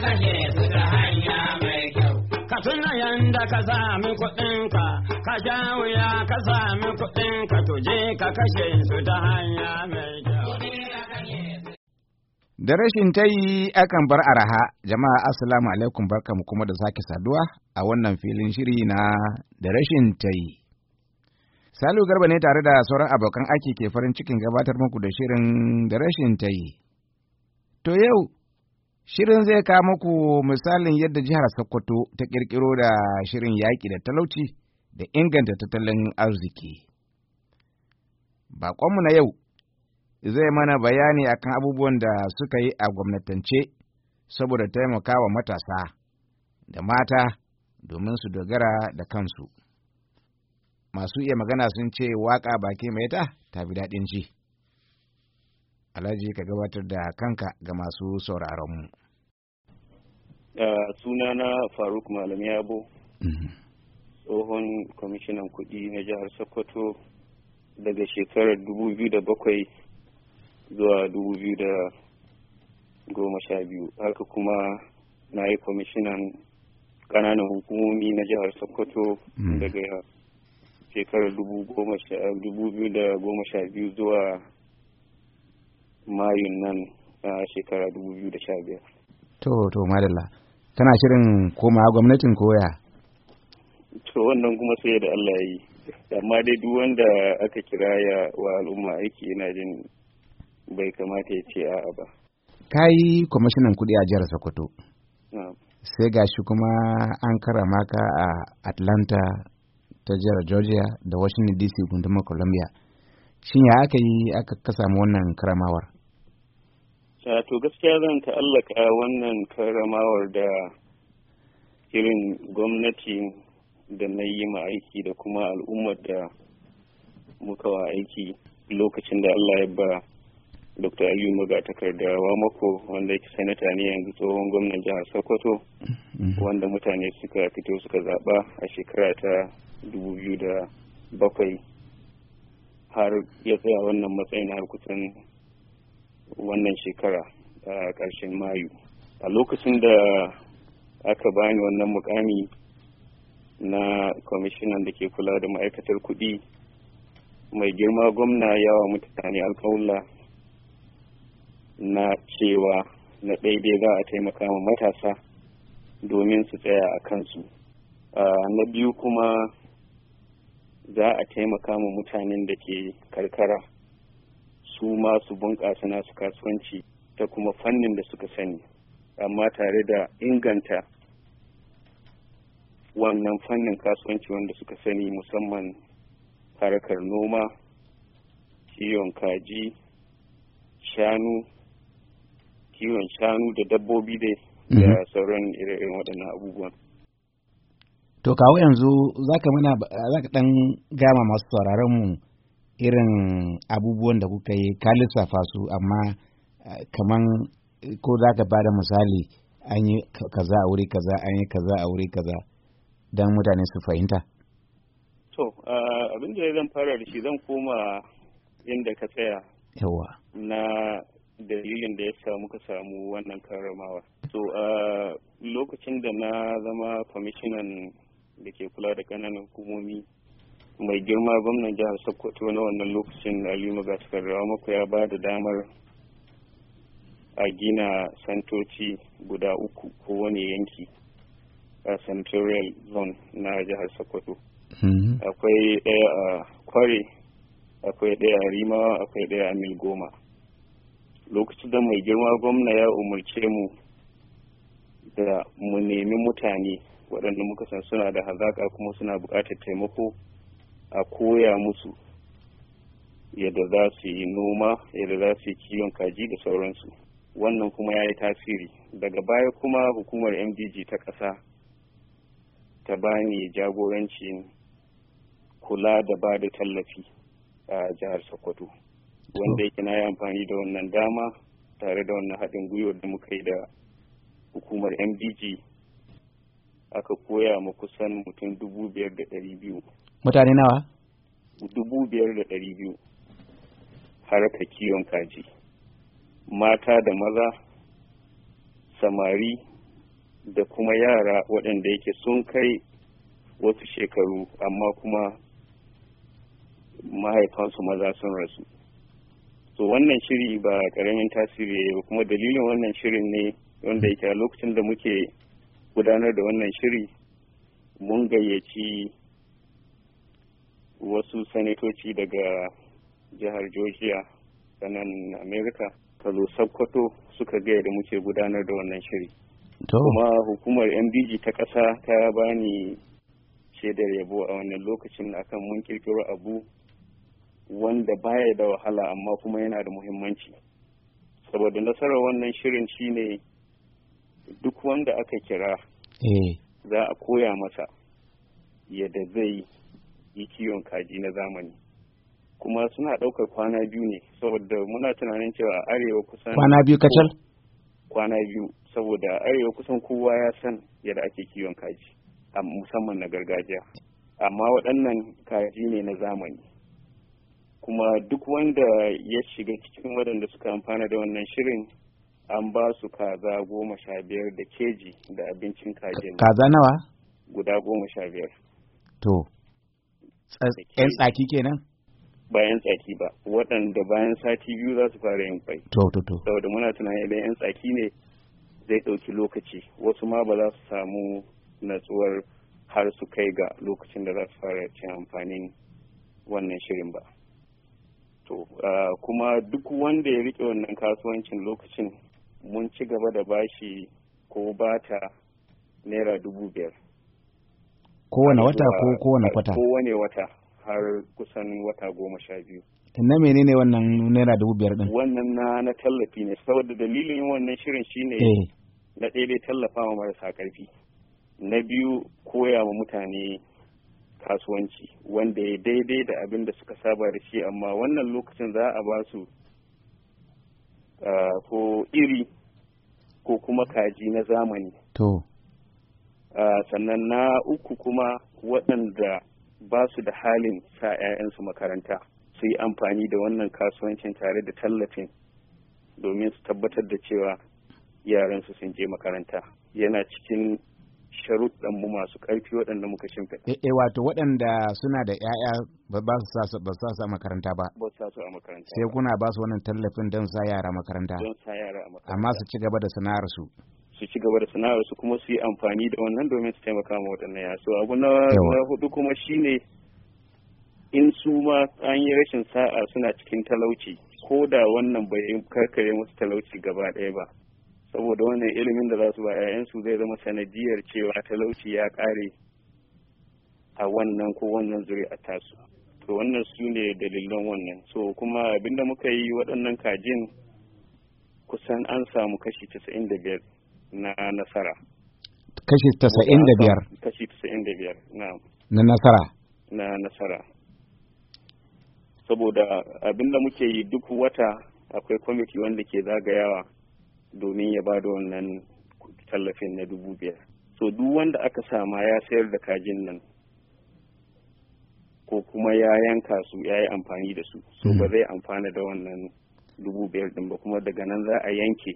kashe su ta hanya mai kyau. Ka tuna yanda ka sami kuɗinka, ka sha wuya ka sami kuɗinka je ka kashe su ta hanya mai kyau. Da rashin ta yi akan bar araha, jama'a assalamu alaikum barkamu kuma da sake saduwa a wannan filin shiri na da rashin ta yi. Salu Garba ne tare da sauran abokan aiki ke farin cikin gabatar muku da shirin da rashin ta yi. To yau Shirin zai kawo muku misalin yadda jihar Sokoto ta ƙirƙiro da shirin yaƙi da talauci da inganta tattalin arziki. Baƙonmu na yau zai mana bayani akan abubuwan da suka yi a gwamnatance saboda taimakawa matasa da mata domin su dogara da kansu. Masu iya magana sun ce waƙa baki mai ta tafi daɗin ji. alhaji ka gabatar da kanka ga masu sauraron mu sunana faruk Malam yabo mm-hmm. tsohon kwamishinan kuɗi na jihar sokoto daga shekarar 2007 zuwa 2012 haka kuma na yi kwamishinan ƙananan hukumomi na jihar sokoto mm-hmm. daga shekarar 2012 zuwa mayun nan a shekara 2015 to to madalla tana shirin koma gwamnatin koya to wannan kuma sai da Allah yi amma dai duk wanda aka kira wa al'umma aiki yana jin bai kamata ya ce a'a ba ka yi kwamishinan kuɗi a jihar sokoto sai gashi kuma an karama ka a atlanta ta jihar georgia da washington dc gundumar columbia shin ya aka yi aka ka samu wannan karamawar eh, to gaskiya zan ta'allaka wannan karamawar da irin gwamnati da na yi ma aiki da kuma al'ummar da muka wa aiki lokacin da Allah ya ba Dr. Aliyu wa mako wanda yake sanata ne yanzu tsohon gwamnan jihar Sokoto mm-hmm. wanda mutane suka fito suka zaɓa a shekara ta 2007 har ya tsaya wannan matsayin har kusan wannan shekara a ƙarshen mayu a lokacin da aka bani wannan mukami na kwamishinan da ke kula da ma'aikatar kuɗi mai girma gwamna yawa mutane alkawula na cewa na daidai za a taimaka ma matasa domin su tsaya a kansu ah, na biyu kuma za a taimaka ma mutanen da ke karkara su ma su bunƙasa nasu kasuwanci ta kuma fannin da suka sani amma tare da inganta wannan fannin kasuwanci wanda suka sani musamman harkar noma kiwon kaji shanu kiwon shanu da dabbobi dai da mm-hmm. sauran ire-iren waɗannan abubuwan To kawo yanzu za ka mana za ka ɗan gama masu sauraron mu irin abubuwan da kuka yi ka lissafa su amma eh, kamar ko za ka bada misali an yi kaza a wuri kaza an yi kaza a wuri kaza don mutane su fahimta. To eh, abin da zan fara da shi zan koma inda ka tsaya. Yawa. Na dalilin da ya samu ka samu wannan karamawa. To eh, lokacin da na zama kwamishinan da ke kula da kananan hukumomi mai girma gwamnan jihar sokoto na wannan lokacin aliyu magatakar mako ya ba da damar a gina santoci guda uku ko wani yanki a centurial zone na jihar sokoto mm-hmm. akwai ɗaya a kware akwai ɗaya a rimawa akwai ɗaya a mil goma lokacin da mai girma gwamna ya umarce mu da mu nemi mutane waɗanda muka san suna da hazaƙa kuma suna buƙatar taimako a koya musu yadda za su yi noma yadda za su yi kiwon kaji da sauransu wannan kuma ya yi tasiri daga baya kuma hukumar mdg ta ƙasa ta bani jagorancin kula da ba da tallafi a jihar sokoto wanda yake na yi amfani da wannan dama tare da wannan haɗin gwiwar da muka yi da hukumar mdg aka koya ma kusan mutum dubu biyar da ɗari biyu mutane nawa dubu biyar da ɗari biyu harkar kiwon kaji mata da maza samari da kuma yara waɗanda yake sun kai wasu shekaru amma kuma mahaifansu maza sun rasu so wannan shiri ba ƙaramin tasiri ya yi kuma dalilin wannan shirin ne wanda yake a lokacin da muke gudanar da wannan shiri mun gayyaci wasu sanatoci daga jihar georgia ta nan america ta zo sakkwato suka gaya da muke gudanar da wannan shiri kuma hukumar mbg ta ƙasa ta bani shaidar yabo a wannan lokacin akan mun kirkiro abu wanda baya da wahala amma kuma yana da muhimmanci saboda nasarar wannan shirin shine duk wanda aka kira eh. za a koya masa yadda zai yi kiwon kaji na zamani kuma suna ɗaukar kwana biyu ne saboda muna tunanin cewa a arewa kusan kwana biyu kacal kwana biyu saboda arewa kusan kowa ya san yadda ake kiwon kaji a musamman na gargajiya amma waɗannan kaji ne na zamani kuma duk wanda ya shiga cikin waɗanda suka amfana da wannan shirin an ba su kaza goma sha biyar da keji da abincin kajin kaza nawa guda goma sha biyar to yan tsaki kenan bayan tsaki ba waɗanda bayan sati biyu za su fara yin kwai to to to saboda muna tunanin idan yan tsaki ne zai ɗauki lokaci wasu ma ba za su samu natsuwar har su kai ga lokacin da za su fara cin amfanin wannan shirin ba to ah, kuma duk wanda ya riƙe wannan kasuwancin lokacin mun ci gaba da bashi ko bata naira dubu biyar kowane wata ko kowane kwata kowane wata har kusan wata goma sha biyu na menene wannan naira dubu biyar din wannan na na tallafi ne saboda dalilin wannan shirin shine eh. na ɗaya dai tallafawa marasa ƙarfi na biyu koya wa mutane kasuwanci wanda ya daidai da abin da suka saba da shi amma wannan lokacin za a ba su Eh, ko iri ko kuma kaji na zamani to eh, sannan na uku kuma waɗanda ba su da halin sa 'ya'yansu makaranta su yi amfani da wannan kasuwancin tare da tallafin domin su tabbatar da cewa yaransu sun je makaranta yana cikin sharuɗan mu masu ƙarfi waɗanda muka shimfiɗa. Eh, eh wato waɗanda suna da ƴaƴa ba ba su sa ba su sa makaranta ba. Ba su sa a makaranta. Sai kuna ba su wannan tallafin don sa yara makaranta. Don sa yara a makaranta. Amma su ci gaba da sana'ar su. su ci gaba da sana'ar su kuma su yi amfani da wannan domin su taimaka ma waɗannan yara. So abu na hudu kuma shine in su ma an yi rashin sa'a suna cikin talauci ko da wannan bai karkare musu talauci gaba ɗaya ba. saboda wannan ilimin da za su ba 'ya'yansu zai zama sanadiyar cewa talauci ya ƙare a wannan ko wannan zuri'a tasu to wannan su ne dalilan wannan so kuma abinda muka yi waɗannan kajin kusan an samu kashi 95 na nasara kashi 95 kashi 95 na na nasara na nasara saboda abinda muke yi duk wata akwai kwamiti wanda ke zagayawa domin ya ba da wannan tallafin na dubu biyar so duk wanda aka sama ya sayar da kajin nan ko kuma ya yanka su ya yi amfani da su so ba hmm. zai amfana da wannan dubu biyar din ba kuma daga nan za a yanke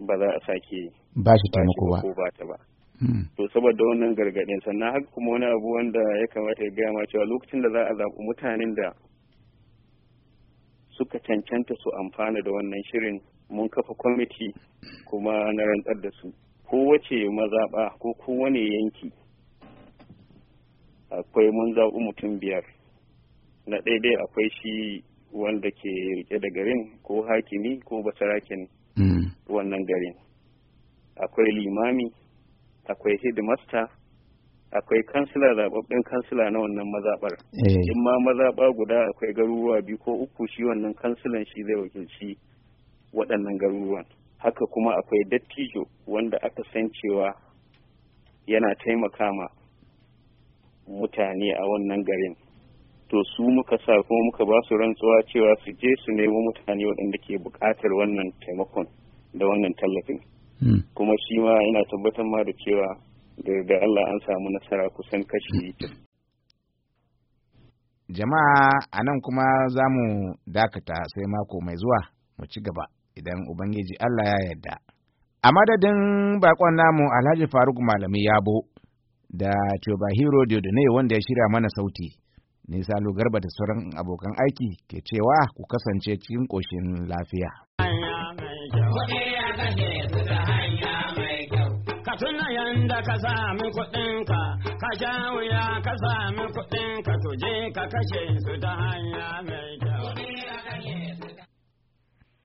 ba za a sake ba shi taimako ba ba ta ba hmm. to saboda wannan gargaɗin sannan haka kuma wani abu wanda ya kamata ya gaya ma cewa lokacin da za a zaɓi mutanen da suka cancanta su amfana da wannan shirin mun kafa kwamiti kuma na rantsar da su kowace mazaɓa ko kowane yanki akwai mun zaɓi mutum biyar na ɗaiɗai akwai shi wanda ke rike da garin ko hakimi ko basarakin hmm. wannan garin akwai limami akwai hidimasta akwai kansila zaɓaɓɓen kansila na wannan mazaɓar eh. in ma mazaɓa guda akwai garuruwa biyu ko uku shi wannan kansilan shi zai wakilci waɗannan garuruwan haka kuma akwai dattijo wanda aka san cewa yana taimaka ma mutane a wannan garin to su muka sa kuma muka ba su rantsuwa cewa su je su nemo mutane waɗanda ke buƙatar wannan taimakon da wannan tallafin hmm. kuma shi ma yana tabbatar ma da cewa da Allah an samu nasara kusan kashi jama'a a nan kuma za mu dakata sai mako mai zuwa mu ci gaba idan Ubangiji Allah ya yarda. A madadin bakon namu Alhaji Faruk Malami Yabo da Chobahiro Dodone wanda ya shirya mana sauti, Nisa Garba da sauran abokan aiki ke cewa ku kasance cikin ƙoshin lafiya. Ka tuna yanda ka sami kuɗinka, ka sha wuya ka sami kuɗinka, to je ka kashe su ta hanya mai